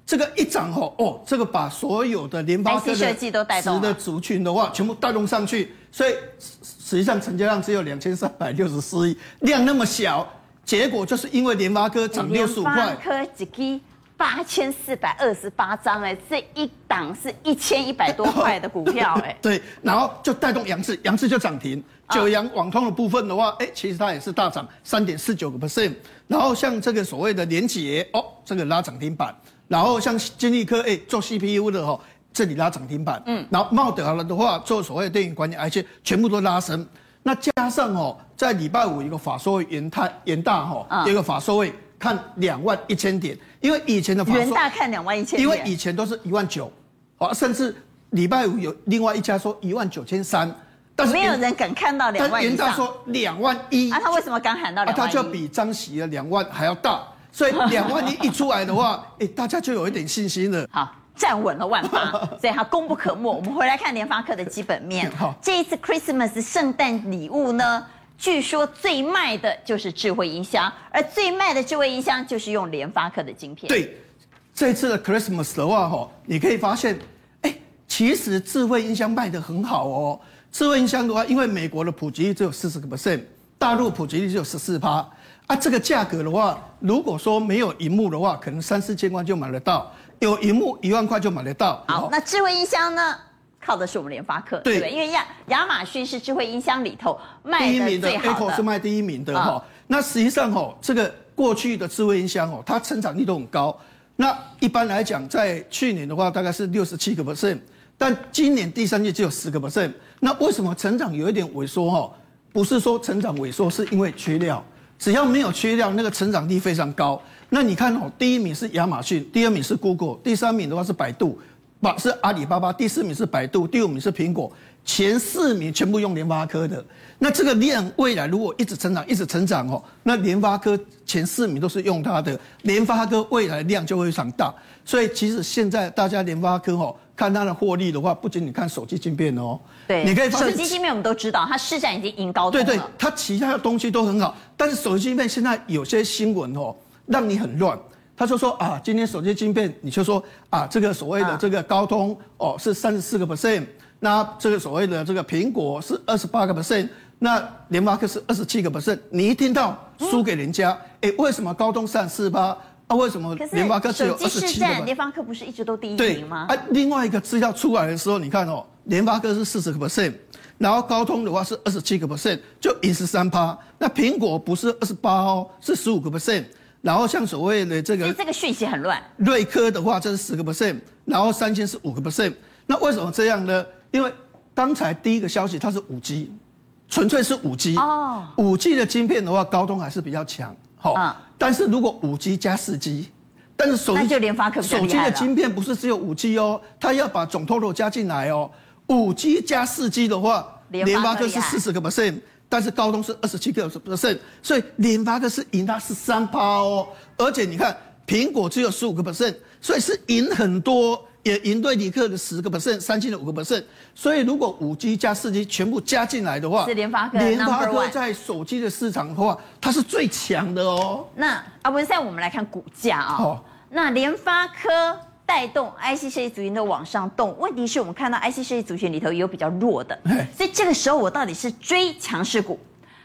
F: 這個一漲吼哦，這個把所有的聯發科的設計的族群的話，全部帶動上去。所以實實際上成交量只有兩千三百六十四億，量那麼小，結果就是因為聯發科漲六十五塊，聯發
A: 科八千四百二十八張哎，這一檔是一千一百多塊的股票哎、
F: 欸哦，對，然後就帶動揚智，揚智就漲停，九陽網通的部分的話，哎、欸，其實它也是大漲三點四九個 percent，然後像這個所謂的聯結哦，這個拉漲停板，然後像晶心科哎、欸、做 CPU 的吼。這裡拉漲停板，嗯，然後茂德了的話做所謂的電影管理，而且、嗯、全部都拉升。那加上哦、喔，在禮拜五一個法說會，元大、喔，元大哈，一個法說會看兩萬一千點，因為以前的法說元大看兩萬
A: 一千點，因為以
F: 前都是一萬九、喔，甚至禮拜五有另外一家說一萬九千三，
A: 但是沒有人敢看到兩萬，元大說兩萬一，啊他為什麼敢喊到兩萬？啊、他就
F: 比張錫的兩萬還要大，所以兩萬一一出來
A: 的話、 欸，大家就有一點信心了。好。站穩了萬八，所以他功不可沒。我們回來看聯發科的基本面。這一次 Christmas 聖誕禮物呢，據說最賣的就是智慧音箱，而最賣的智慧音箱就是用聯發科的晶片。對，
F: 這次的 Christmas 的話，你可以發現，欸，其實智慧音箱賣得很好哦。智慧音箱的話，因為美國的普及率只有四十個 percent，大陸普及率只有十四趴。啊，這個價格的話，如果說沒有螢幕的話，可能三四千塊就買得到。有螢幕一萬塊就買得到。好，哦、那
A: 智慧音箱呢？靠的是我們聯發科，對，因為亞亞馬遜是智慧音箱裡頭賣第一名的 Echo 是賣
F: 第一名的哈。哦、那實際上哦，這個過去的智慧音箱哦，它成長率都很高。那一般來講，在去年的話大概是六十七個 percent，但今年第三季只有十個 percent。那為什麼成長有一點萎縮哈、哦？不是說成長萎縮，是因為缺料。只要沒有缺料，那個成長率非常高。那你看哦、喔，第一名是亞馬遜，第二名是 Google，第三名的話是百度，把是阿里巴巴，第四名是百度，第五名是蘋果。前四名全部用聯發科的。那這個量未來如果一直成長，一直成長哦、喔，那聯發科前四名都是用它的，聯發科未來量就會非常大。所以其實現在大家聯發科哦、喔，看它的獲利的話，不僅你看手機晶片哦、喔，對，
A: 你可以手機晶片我們都知道，它市場已經贏高通了。對，對對，
F: 它其他的東西都很好，但是手機晶片現在有些新聞哦、喔。讓你很亂，他就說，說啊，今天手機晶片，你就說啊，這個所謂的這個高通、啊、哦是三十四個 percent，那這個所謂的這個蘋果是二十八個 percent，那聯發科是二十七個 percent。你一聽到輸給人家，哎、嗯欸，為什麼高通三十四？啊，為什麼聯發科只有二十七？聯發科不是
A: 一直都第一名嗎？哎、啊，
F: 另外一個資料出來的時候，你看哦，聯發科是四十個 percent，然後高通的話是二十七個 percent，就一十三趴。那蘋果不是二十八哦，是十五個 percent。然後像所謂的這個，所以這個訊息很亂。瑞科的話就10，這是十個 percent，然後三星是五個 percent。那為什麼這樣呢？因為剛才第一個消息它是五 G，純粹是五 G。哦。五 G 的晶片的話，高通還是比較強。好、哦。啊、哦。但是如果五 G 加四 G，但是手機那就聯發科手機的晶片不是只有五 G 哦，它要把總 total 加進來哦。五 G 加四 G 的話，聯發就是四十個 percent。但是高通是二十七個 percent，所以聯發科是贏它十三趴哦，而且你看蘋果只有十五個 percent，所以是贏很多也贏，也贏對聯發的十個 percent，三星的五個 percent，所以如果五 G 加四 G 全部加進來的話，是聯發科，聯發科在手機的市場的話，它是最強的哦。
A: 那啊，阿文現在我們來看股價啊，好，那聯發科。帶動 IC 設計族群的往上動，問題是我們看到 IC 設計族群裡頭也有比較弱的，所以這個時候我到底是追強勢股，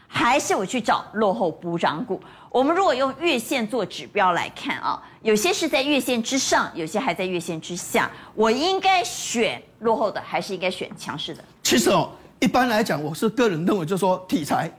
A: 還是我去找落後補漲股？我們如果用月線做指標來看啊，有些是在月線之上，有些還在月線之下，我應該選落後的，還是應該選強勢的？
F: 其實哦，一般來講，我是個人認為，就是說題材，
A: 材，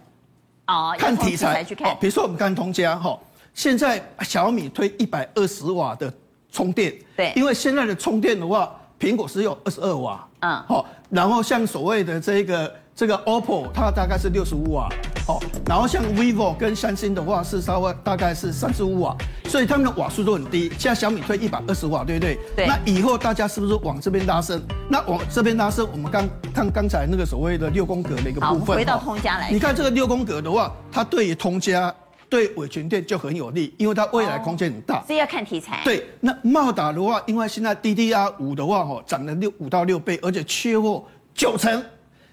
A: 啊、哦，看題材去看、哦，比
F: 如說我們看通家哈，現在小米推一百二十瓦的。充電，
A: 對，因為
F: 現在的充電的話，蘋果只有二十二瓦，嗯，好、喔，然後像所謂的這個這個 OPPO，它大概是六十五瓦，好、喔，然後像 VIVO 跟三星的話是稍微大概是三十五瓦，所以它們的瓦數都很低。現在小米推一百二十瓦，對不對？對。那以後大家是不是往這邊拉升？那往這邊拉升，我們剛看剛才那個所謂的六宮格的一個部分，回到通家來看、喔。你看這個六宮格的話，它對於通家。對偉詮電就很有利，因為它未來空間很大，哦、所
A: 以要看題材。對，
F: 那茂達的話，因為現在 DDR 五的話，哦，漲了六五到六倍，而且缺貨九成，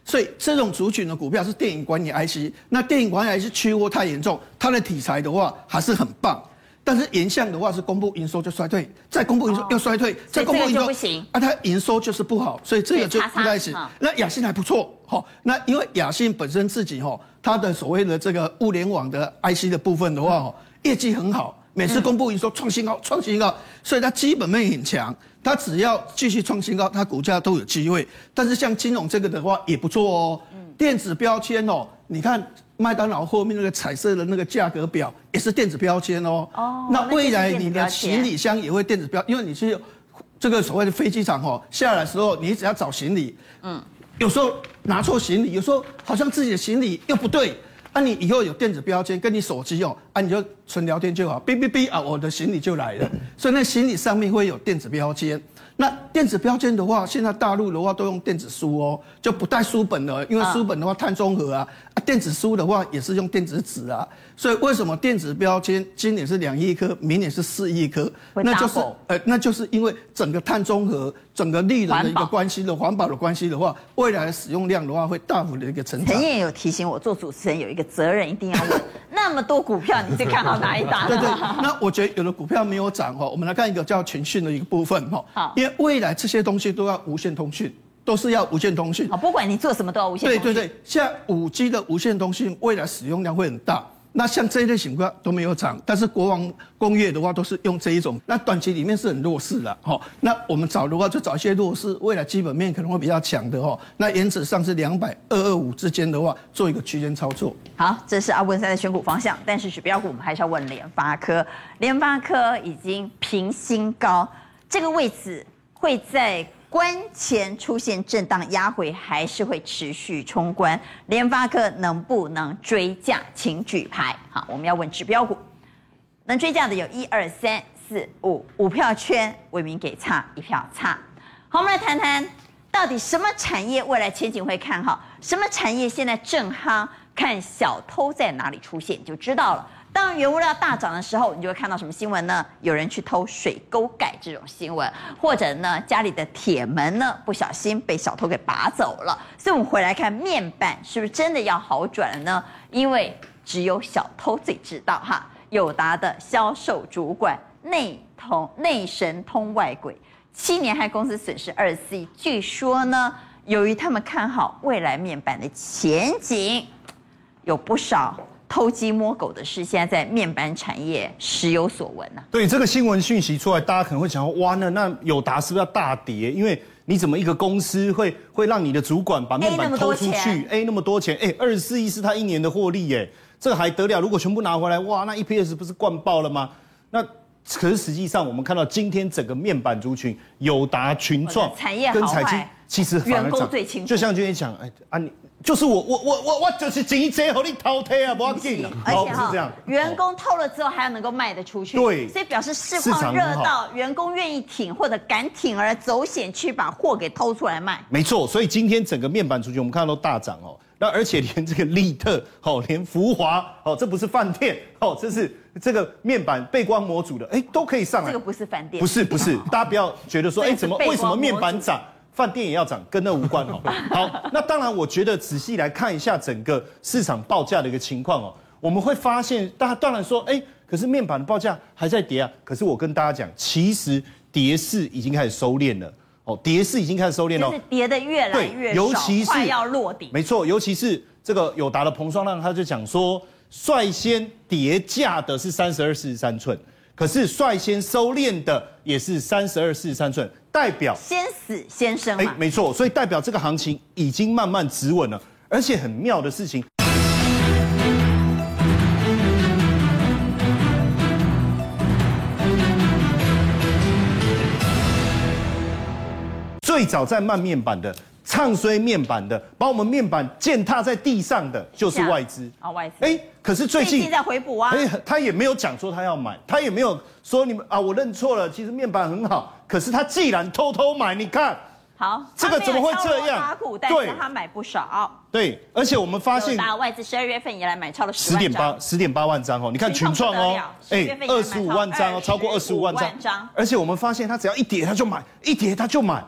F: 所以這種族群的股票是電源管理 IC。那電源管理 IC 缺貨太嚴重，它的題材的話還是很棒，但是原相的話是公布營收就衰退，再公布營收又衰退，哦、再公布營收就不行，啊，它營收就是不好，所以這個就不太行。叉叉那雅信還不錯。那因為亞信本身自己吼，它的所謂的這個物聯網的 IC 的部分的話，哦，業績很好，每次公布一說創新高，創新高，所以它基本面很強，它只要繼續創新高，它股價都有機會。但是像金融這個的話也不錯哦，電子標籤哦，你看麥當勞後面那個彩色的那個價格表也是電子標籤哦。那未來你的行李箱也會電子標，因為你去這個所謂的飛機場哦，下來的時候你只要找行李，嗯，有時候。拿錯行李，有時候好像自己的行李又不對，啊，你以後有電子標籤跟你手機用，啊，你就純聊天就好，嗶嗶嗶啊，我的行李就來了，所以那行李上面會有電子標籤。那電子標籤的話，現在大陸的話都用電子書哦，就不帶書本了，因為書本的話、啊、碳中和啊，啊，電子書的話也是用電子紙啊，所以為什麼電子標籤今年是兩億顆，明年是四億顆？那就是、呃，那就是因為整個碳中和、整個利潤的一個關係的環，保環保的關係的話，未來的使用量的話會大幅的一個成長。
A: 陳燕有提醒我，做主持人有一個責任，一定要問 那麼多股票，你最看好哪一檔？ 對對，那
F: 我覺得有的股票沒有漲哦。我們來看一個叫群訊的一個部分哈、哦。好。因為未來這些東西都要無線通訊，都是要無線通訊、哦。不管你做什麼都要無線通訊。對對對，像五 G 的無線通訊，未來使用量會很大。那像這一類情況都沒有漲，但是國防工業的話都是用這一種。那短期裡面是很弱勢了，好、哦，那我們找的話就找一些弱勢，未來基本面可能會比較強的哈、哦。那原則上是兩百二二五之間的話，做一個區間操作。
A: 好，這是阿文山的選股方向，但是指標股我們還是要問聯發科。聯發科已經平新高這個位置。會在關前出現震盪壓回，還是會持續衝關？聯發科能不能追價？請舉牌。好，我們要問指標股，能追價的有一二三四五五票圈，緯明給差一票差。好，我們來談談到底什麼產業未來前景會看好？什麼產業現在正夯？看小偷在哪裡出現就知道了。當原物料大漲的時候，你就會看到什麼新聞呢？有人去偷水溝蓋這種新聞，或者呢，家裡的鐵門呢不小心被小偷給拔走了。所以我們回來看面板是不是真的要好轉了呢？因為只有小偷最知道哈。友達的銷售主管內通內神通外鬼，七年害公司損失24億，據說呢，由於他們看好未來面板的前景，有不少。偷雞摸狗的事，現在在面板產業時有所聞吶
E: 啊。對這個新聞訊息出來，大家可能會想說：哇，那那友達是不是要大跌？因為你怎麼一個公司會會讓你的主管把面板偷出去？哎，那麼多錢！哎，二十四億是他一年的獲利耶、欸，這個還得了？如果全部拿回來，哇，那 E P S 不是灌爆了嗎？那可是實際上，我們看到今天整個面板族群，友達、群創、產業跟彩晶，其實員工最清楚。就像今天講，哎啊你。就是我我我我我就是直接和你偷聽啊，不要緊，而且齁是這樣。
A: 員工偷了之後，還要能夠賣得出去，對，所以表示市況熱到員工願意挺或者敢鋌而走險去把貨給偷出來賣。
E: 沒錯，所以今天整個面板出去，我們看到都大漲哦。那而且連這個力特哦，連福華哦，這不是飯店哦，這是這個面板背光模組的，誒、欸、都可以上來。這個不
A: 是飯店不是，
E: 不是不是，哦、大家不要覺得說，誒、欸、怎麼為什麼面板漲？飯店也要漲，跟那無關哦、喔。好，那當然，我覺得仔細來看一下整個市場報價的一個情況哦、喔，我們會發現大家當然說，哎、欸，可是面板的報價還在跌啊。可是我跟大家講，其實跌勢已經開始收斂了。哦、喔，跌勢已經開始收斂了、喔，是
A: 跌的越來越少，對，尤其是要落底。
E: 沒錯，尤其是這個友達的彭雙浪他就講說，率先跌價的是三十二四十三寸，可是率先收斂的也是三十二四十三寸。代表
A: 先死先生，哎、欸，沒
E: 錯，所以代表這個行情已經慢慢止穩了，而且很妙的事情。最早在賣面板的，唱衰面板的，把我們面板踐踏在地上的就是外資
A: 啊，外資。哎、oh, 欸，可是最近最近在回補啊、欸，
E: 他也沒有講說他要買，他也沒有說你們啊，我認錯了，其實面板很好。可是他既然偷偷買，你看，
A: 好，這個怎麼會這樣？對，他買不少。
E: 對，而且我們發現，大
A: 外資十二月份以來買超了十點八，
E: 十點八萬張哦、喔。你看群創哦、喔，哎，二十五萬張哦、喔，超過二十五萬張。萬張，而且我們發現他，他只要一跌他就買，一跌他就買，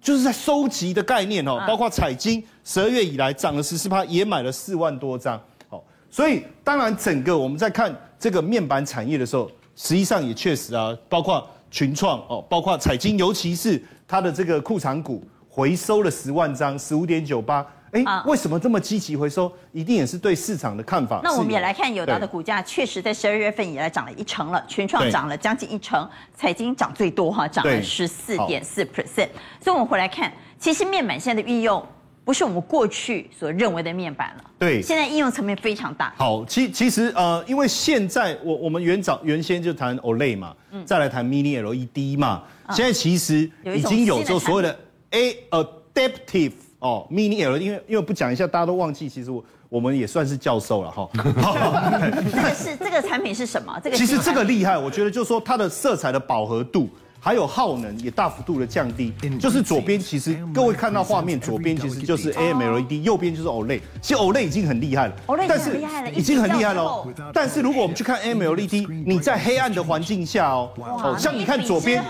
E: 就是在收集的概念哦、喔。嗯、包括彩晶，十二月以來漲了十四趴，也買了四萬多張。好，所以當然整個我們在看這個面板產業的時候，實際上也確實啊，包括。群創哦，包括彩晶，尤其是它的這個庫藏股回收了十萬張，十五點九八，哎、啊，為什麼這麼積極回收？一定也是對市場的看法。那我們也來看對友達的
A: 股價，確實在十二月份以來漲了一成了，群創漲了將近一成，彩晶漲最多哈，漲了十四點四%。所以我們回來看，其實面板現在的運用。不是我們過去所認為的面板了，對，現在應用層面非常大。
E: 好，其其實呃，因為現在我我們原早原先就談 OLED 嘛，嗯，再來談 Mini LED 嘛，嗯，現在其實已經有說所,所謂的 A Adaptive 哦，Mini LED，因為因為不講一下，大家都忘記，其實我我們也算是教授了哈。這
A: 個是這個產品是什麼？這個 其實這
E: 個厲害，我覺得就是說它的色彩的飽和度。還有耗能也大幅度的降低，就是左邊其實各位看到畫面，左邊其實就是 AM LED，哦、右邊就是 OLED，其實 OLED 已經很厲害了，害了但是已經很厲害了。但是如果我們去看 AM LED，你在黑暗的環境下哦，哇哦，像你看左邊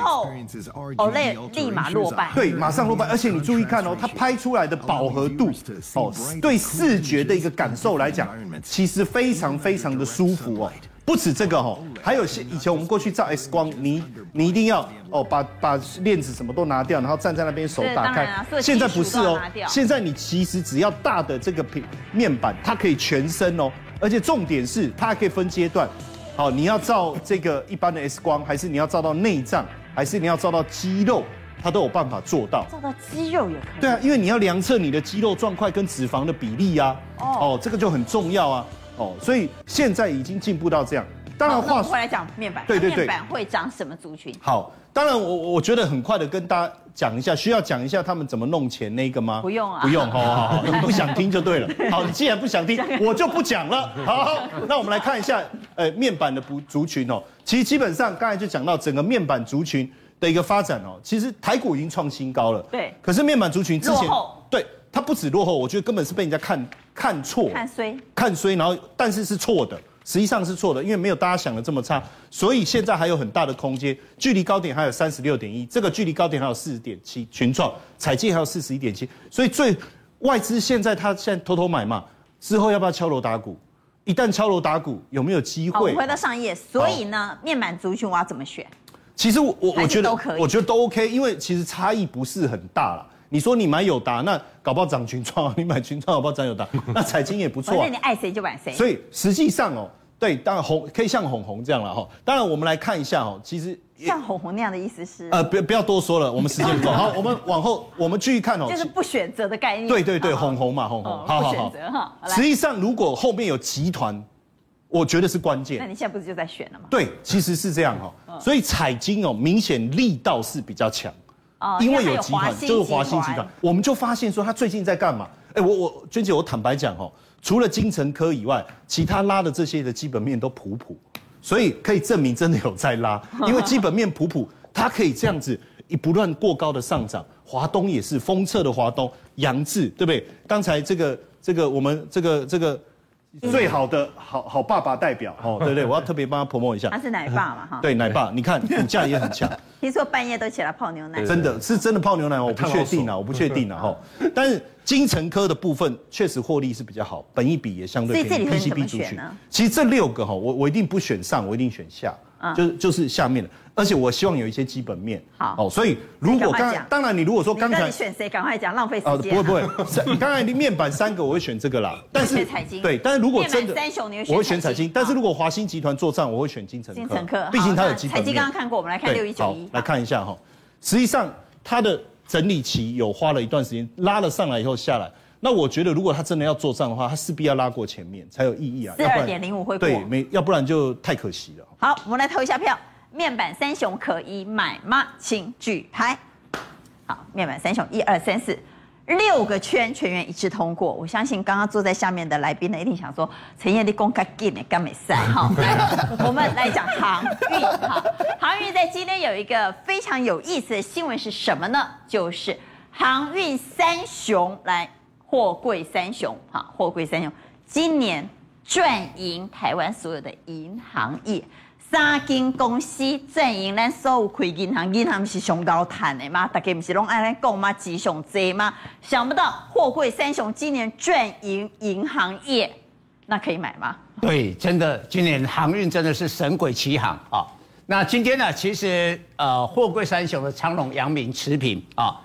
A: ，OLED 立馬落敗，
E: 對，馬上落敗。而且你注意看哦，它拍出來的飽和度哦，對視覺的一個感受來講，其實非常非常的舒服哦。不止這個哦，還有以前我們過去照 X 光，你你一定要哦，把把鏈子什麼都拿掉，然後站在那邊手打開。現在不是哦，現在你其實只要大的這個面板，它可以全身哦，而且重點是它還可以分階段。好，哦，你要照這個一般的 X 光，還是你要照到內臟，還是你要照到肌肉，它都有辦法做到。照到肌肉也可以。對啊，因為你要量測你的肌肉狀況跟脂肪的比例啊，哦，哦，這個就很重要啊。哦，所以現在已經進步到這樣。
A: 當然話，話說回，哦、來講，面板對，對，對、啊、面板會漲什麼族群？
E: 好，當然我我覺得很快的跟大家講一下，需要講一下他們怎麼弄錢那個嗎？不用啊，不用，好，哦、不對好？你對不想聽就對了。對好，你既然不想聽，對我就不講了好好。好，那我們來看一下，誒、呃，面板的族族群哦，其實基本上剛才就講到整個面板族群的一個發展哦，其實台股已經創新高了。對。可是面板族群之前落後，對，它不止落後，我覺得根本是被人家看。看錯，看
A: 衰，
E: 看衰，然後但是是錯的，實際上是錯的，因為沒有大家想的這麼差，所以現在還有很大的空間，距離高點還有三十六點一，這個距離高點還有四十點七，群創、彩晶還有四十一點七，所以最外資現在他現在偷偷買嘛，之後要不要敲鑼打鼓？一旦敲鑼打鼓，有沒有機會？我回到
A: 上一頁，所以呢，好面板族群我要怎麼選？
E: 其實我我我覺得都可以，我覺得都 OK，因為其實差異不是很大啦。你說你買友達，那搞不好漲群創、啊；你買群創，搞不好漲友達。那彩晶也不錯啊。反、哦、你
A: 愛誰就買誰。所以
E: 實際上哦，對，當然紅可以像紅紅這樣了哈、哦。當然我們來看一下哦，其實像紅紅
A: 那樣的意思是呃，不
E: 要不要多說了，我們時間不夠。 好，我們往後我們繼續看哦。就是
A: 不選擇的概念。對，對對對，哦、
E: 紅紅嘛，紅紅，不選擇哈。實際上如果後面有集團，我覺得是關鍵。那
A: 你現在不是就在選了嗎？
E: 對，其實是這樣哈、哦。所以彩晶哦，明顯力道是比較強。
A: 因為有集團，就是華新集團，
E: 我們就發現說，他最近在幹嘛？哎、欸，我我娟姐，我坦白講哦、喔，除了精成科以外，其他拉的這些的基本面都普普，所以可以證明真的有在拉，因為基本面普普，它可以這樣子一不斷過高的上漲。華東也是，封測的華東，楊志對不對？剛才這個這個我們這個這個。這個最好的好好爸爸代表哦，對不對？我要特別幫他 promote 一下，他
A: 是奶爸嘛，哈。對，
E: 奶爸對，你看，股價也很強。聽
A: 說半夜都起來泡牛奶，真的對
E: 對對，是真的泡牛奶，我不確定了，我不確定了哈。 但是精成科的部分確實獲利是比較好，本益比也相對便宜，PCB 族群。所以這裡其實這六個哈，我我一定不選上，我一定選下，哦、就是就是下面的。而且我希望有一些基本面。好，哦，所以如果剛當然，你如果說剛才選誰，
A: 趕快講，浪費時間。不會不
E: 會，你剛才的面板三個，我會選這個啦。但是彩
A: 晶對，但是如果真的我會選
E: 彩晶？但是如果華新集團做賬，我會選精成科精成科，畢竟他有基本面。彩晶剛剛
A: 看過，我們來看六一九一，來
E: 看一下哈。實際上他的整理期有花了一段時間，拉了上來以後下來，那我覺得如果他真的要做賬的話，他勢必要拉過前面才有意義啊。四二點零五
A: 會過，對，
E: 沒，要不然就太可惜了。
A: 好，我們來投一下票。面板三雄可以買嗎？請舉牌。好，面板三雄，一二三四，六個圈，全員一致通過。我相信剛剛坐在下面的來賓呢，一定想說，陳燕的公開給你，剛沒賽哈。我們來講航運，好，航運在今天有一個非常有意思的新聞是什麼呢？就是航運三雄來貨櫃三雄，好，貨櫃三雄今年賺贏台灣所有的銀行業。三金公司賺銀，咱所有開銀行，銀行不是上高賺的嗎？大家不是都愛來講嗎？只熊債嗎？想不到貨櫃三雄今年賺銀銀行業，那可以買嗎？
E: 對，
C: 真的，今年航運真的是神鬼奇航啊！那今天呢、啊，其實呃，貨櫃三雄的長榮陽明持平啊，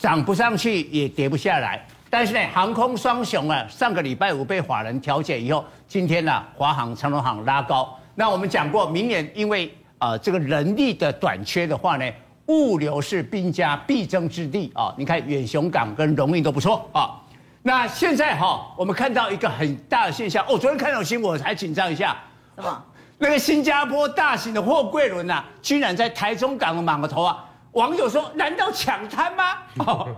C: 漲、哦、不上去也跌不下來。但是呢，航空雙雄啊，上個禮拜五被法人調解以後，今天呢、啊，華航、長榮航拉高。那我們講過，明年因為啊、呃、這個人力的短缺的話呢，物流是兵家必爭之地啊、哦。你看遠雄港跟榮運都不錯啊、哦。那現在哈、哦，我們看到一個很大的現象，哦，昨天看到新聞我還緊張一下，啊麼那個新加坡大型的貨櫃輪吶、啊，居然在台中港的碼頭啊。網友說：“難道搶灘嗎？哦，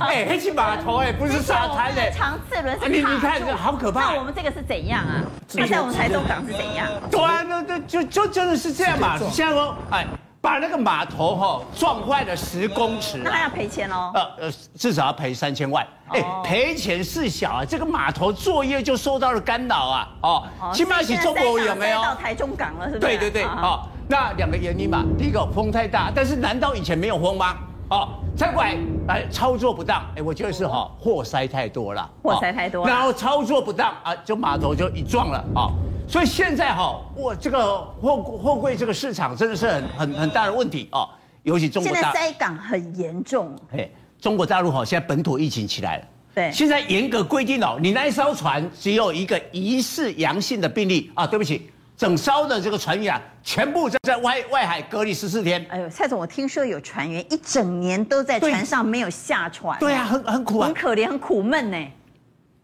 C: 哎，黑漆碼頭哎，不是沙灘哎，長次輪是你，你看這好可怕。那我們
A: 這個是怎樣啊？現在我們台中港是怎樣？對啊，那就就真的是這樣嘛？現在
C: 說哎，把那個碼頭哈撞壞了十公尺，那他要賠錢哦呃呃，至少要賠三千萬。哎，賠錢是小啊，這個碼頭作業就受到了干擾啊。哦，現在起中國有沒有到
A: 台中港了？是不是？對對對，好。”
C: 那兩個原因嘛，第一個、哦、風太大，但是難道以前沒有風嗎？哦，再過來，哎、啊，操作不當，哎、欸，我覺得是哈、哦、貨塞太多了，貨塞太多了、哦，然後操作不當啊，就碼頭就一撞了啊、嗯哦。所以現在哈、哦，我這個貨貨櫃這個市場真的是很很很大的問題啊、哦，尤其中國大陸，現在
A: 塞港很嚴重。
C: 哎，中國大陸哈、哦，現在本土疫情起來了，對，現在嚴格規定了、哦，你那艘船只有一個疑似陽性的病例啊，對不起。整艘的這個船員、啊、全部在在外外海隔離十四天。哎
A: 呦，蔡總，我聽說有船員一整年都在船上對沒有下船、啊。對啊，很很苦啊。很可憐，很苦悶呢。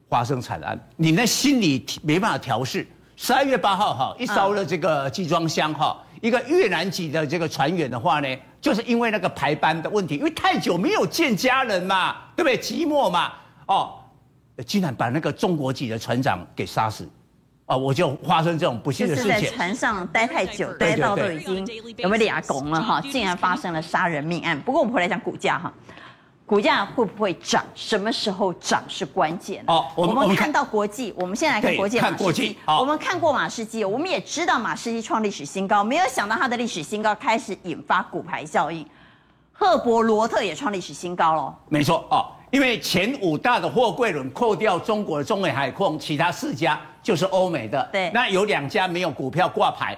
C: 發生慘案，你那心裡沒辦法調適。十二月八號哈，一艘了這個集裝箱哈，啊、一個越南籍的這個船員的話呢，就是因為那個排班的問題，因為太久沒有見家人嘛，對不對？寂寞嘛，哦，竟然把那個中國籍的船長給殺死。啊、哦！我就發生這種不幸的事情。就是在船
A: 上待太久，對對對待到都已經有們倆牙拱了哈？竟然發生了殺人命案。不過我們回來講股價哈，股價會不會漲？什麼時候漲是關鍵的。好、哦，我們，我們看到國際，我們先來看國際，我們看過馬士基，我們也知道馬士基創歷史新高，沒有想到它的歷史新高開始引發骨牌效應。赫伯羅特也創歷史新高了。沒錯
C: 哦，因為前五大的貨櫃輪，扣掉中國的中遠海控，其他四家。就是歐美的，對，那有兩家沒有股票掛牌，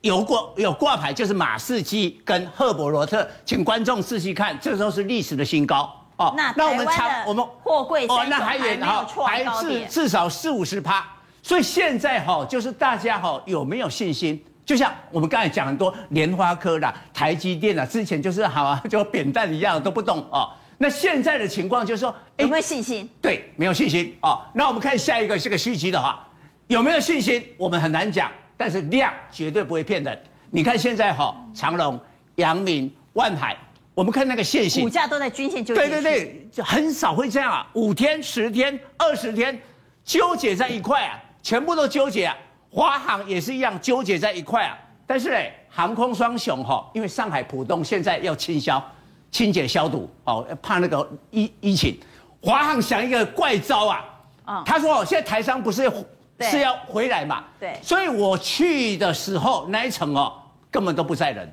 C: 有過有掛牌就是馬士基跟赫伯羅特，請觀眾仔細看，這都是歷史的新高哦。那那我們倉我們
A: 貨櫃哦，那還，還有有、哦、還是至，至
C: 少四五十趴。所以現在哈、哦，就是大家哈、哦、有沒有信心？就像我們剛才講很多聯發科啦，台積電啊，之前就是好啊，就扁擔一樣都不動哦。那現在的情況就是說，誒有沒有信心？對，沒有信心哦。那我們看下一個是、這個續集的話有沒有信心？我們很難講，但是量絕對不會騙人。你看現在哈、喔，長榮、陽明、萬海，我們看那個線性股價
A: 都在均線糾結。對對對，
C: 就很少會這樣啊。五天、十天、二十天，糾結在一塊啊，全部都糾結啊。華航也是一樣，糾結在一塊啊。但是咧、欸，航空雙雄哈、喔，因為上海浦東現在要清消、清潔消毒哦、喔，怕那個疫疫情。華航想一個怪招啊，啊、哦，他說、喔、現在台商不是。對是要回來嘛？對，所以我去的時候那一層哦根本都不載人，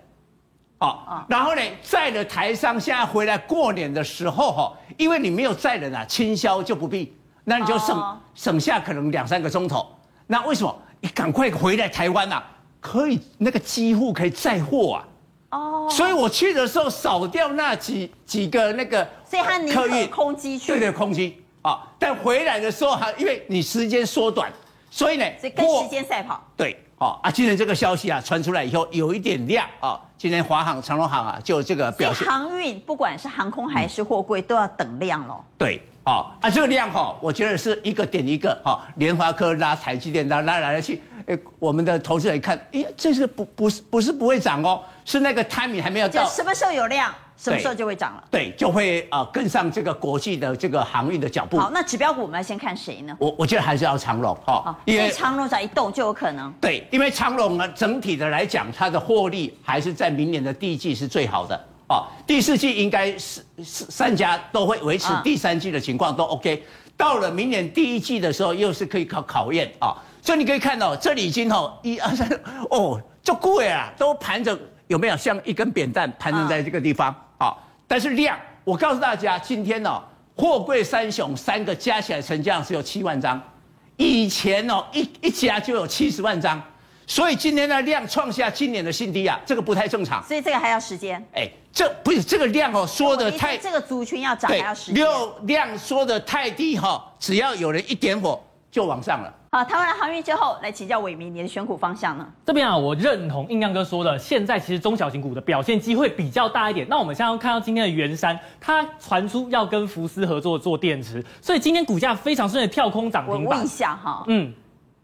C: 哦，哦然後呢載的台商現在回來過年的時候哈，因為你沒有載人啊，清消就不必，那你就省、哦、省下可能兩三個鐘頭。那為什麼你趕快回來台灣吶、啊？可以那個幾乎可以載貨啊，哦，
A: 所以
C: 我去的時候少掉那幾幾個那個客，所以它你有
A: 空機去，對對，對
C: 空機，空機啊，但回來的時候哈，因為你時間縮短。所以呢，所以
A: 跟時間賽跑，
C: 對，哦啊，今天這個消息啊傳出來以後，有一點量啊、哦，今天華航、長榮航啊，就這個表現。航
A: 運不管是航空還是貨櫃，嗯、都要等量了。
C: 對，哦啊，這個量哈、哦，我覺得是一個點一個哈、哦，聯發科拉、台積電拉來來去，誒、哎，我們的投資人一看，咦、哎，這是不不是不是不會漲哦，是那個 timing 還沒有到，什
A: 麼時候有量？什麼時候就會漲了
C: 對？對，就會啊、呃、跟上這個國際的這個航運的腳步。好，那
A: 指標股我們要先看誰呢？我
C: 我覺得還是要長榮哈，喔、好因為
A: 長榮只要一動就有可能。
C: 對，因為長榮呢整體的來講，它的獲利還是在明年的第一季是最好的哦、喔，第四季應該是是三家都會維持、啊、第三季的情況都 OK，到了明年第一季的時候又是可以考考驗啊，所以你可以看到、喔、這裡已經哦一二三哦，這貴啊，都盤着。有沒有像一根扁擔盤整在這個地方啊、哦哦？但是量，我告訴大家，今天呢、哦，貨櫃三雄三個加起來成交量是有七萬張，以前哦，一一家就有七十萬張，所以今天的量創下今年的新低啊，這個不太正常。
A: 所以這個還要時間。
C: 哎、欸，這不是這個量哦，縮得太
A: 這個族群要漲還要時間。六
C: 量縮得太低哈、哦，只要有人一點火就往上了。
A: 好，談完了航運之後，來請教緯明，你的選股方向呢？
G: 這邊啊，我認同映亮哥說的，現在其實中小型股的表現機會比較大一點。那我們現在看到今天的元山，它傳出要跟福斯合作做電池，所以今天股價非常順利跳空漲停板。我問一下
A: 哈，嗯。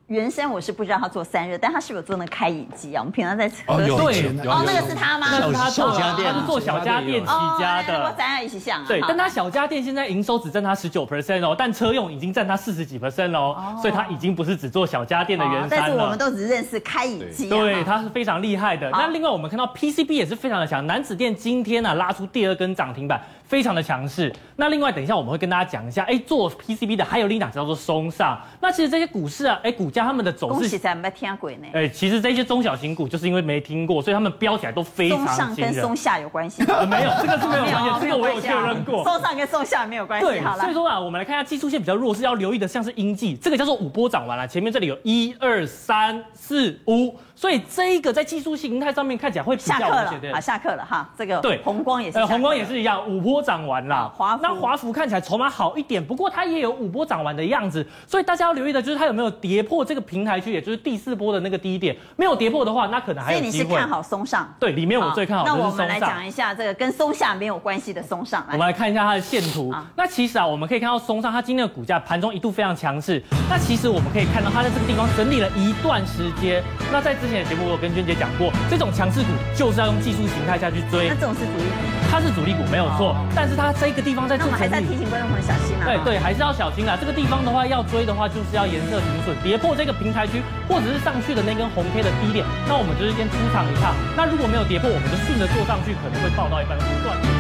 A: 元山我是不知道他做散熱，但他是不是做那開飲機啊？我們平常在車上哦，哦，那個是他嗎？那是他做家電，他是做小家電起家的。三一起想啊，對，但他小家電現在營收只占他十九
G: percent 哦，但車用已經占他四十幾 percent 哦，所以他已經不是只做小家電的元山了。但是我們都
A: 只認識開飲機對，他
G: 是非常厲害的。那另外我們看到 PCB 也是非常的強，楠梓電今天呢拉出第二根漲停板，非常的強勢。那另外等一下我們會跟大家講一下，哎，做 PCB 的還有另一檔叫做松上。那其實這些股市啊，哎，股價。他們的走勢，說實
A: 在，沒聽過
G: 耶。哎、欸，其實這一些中小型股就是因為沒聽過，所以他們飆起來都非常驚人。松上跟松
A: 下有關係、 哦？沒有，這個是沒有關係，哦哦、這個我有確認過。松上跟松下沒有關係，對，好了。所以說啊，啦我們
G: 來看一下技術線比較弱是要留意的，像是英濟，這個叫做五波漲完了，前面這裡有一二三四五。所以這一個在技術形態上面看起來會比較對好，啊，下
A: 課了哈，這個對紅
G: 光也是紅光也是一樣對五波漲完了，嗯、滑那華孚看起來籌碼好一點，不過它也有五波漲完的樣子，所以大家要留意的就是它有沒有跌破這個平台區，也就是第四波的那個低點，沒有跌破的話，那可能還有機會。所以你是看好
A: 松上對？裡面我最看好的是松上。好，那我們來講一下這個跟松下沒有關係的松上來。我
G: 們來看一下它的線圖。好那其實啊，我們可以看到松上它今天的股價盤中一度非常強勢，那其實我們可以看到它在這個地方整理了一段時間，那在。之前的節目我跟娟姐講過，這種強勢股就是要用技術形態下去追。它這種是主力股，它是主力股沒有錯，但是它這個地方在做整理。提醒觀眾朋友小心啊！對對，對，還是要小心啦、啊。這個地方的話要追的話，就是要顏色停損，跌破這個平台區，或者是上
E: 去的那根紅 K 的低點，那我們就是先出場一趟。那如果沒有跌破，我們就順着做上去，可能會爆到一般。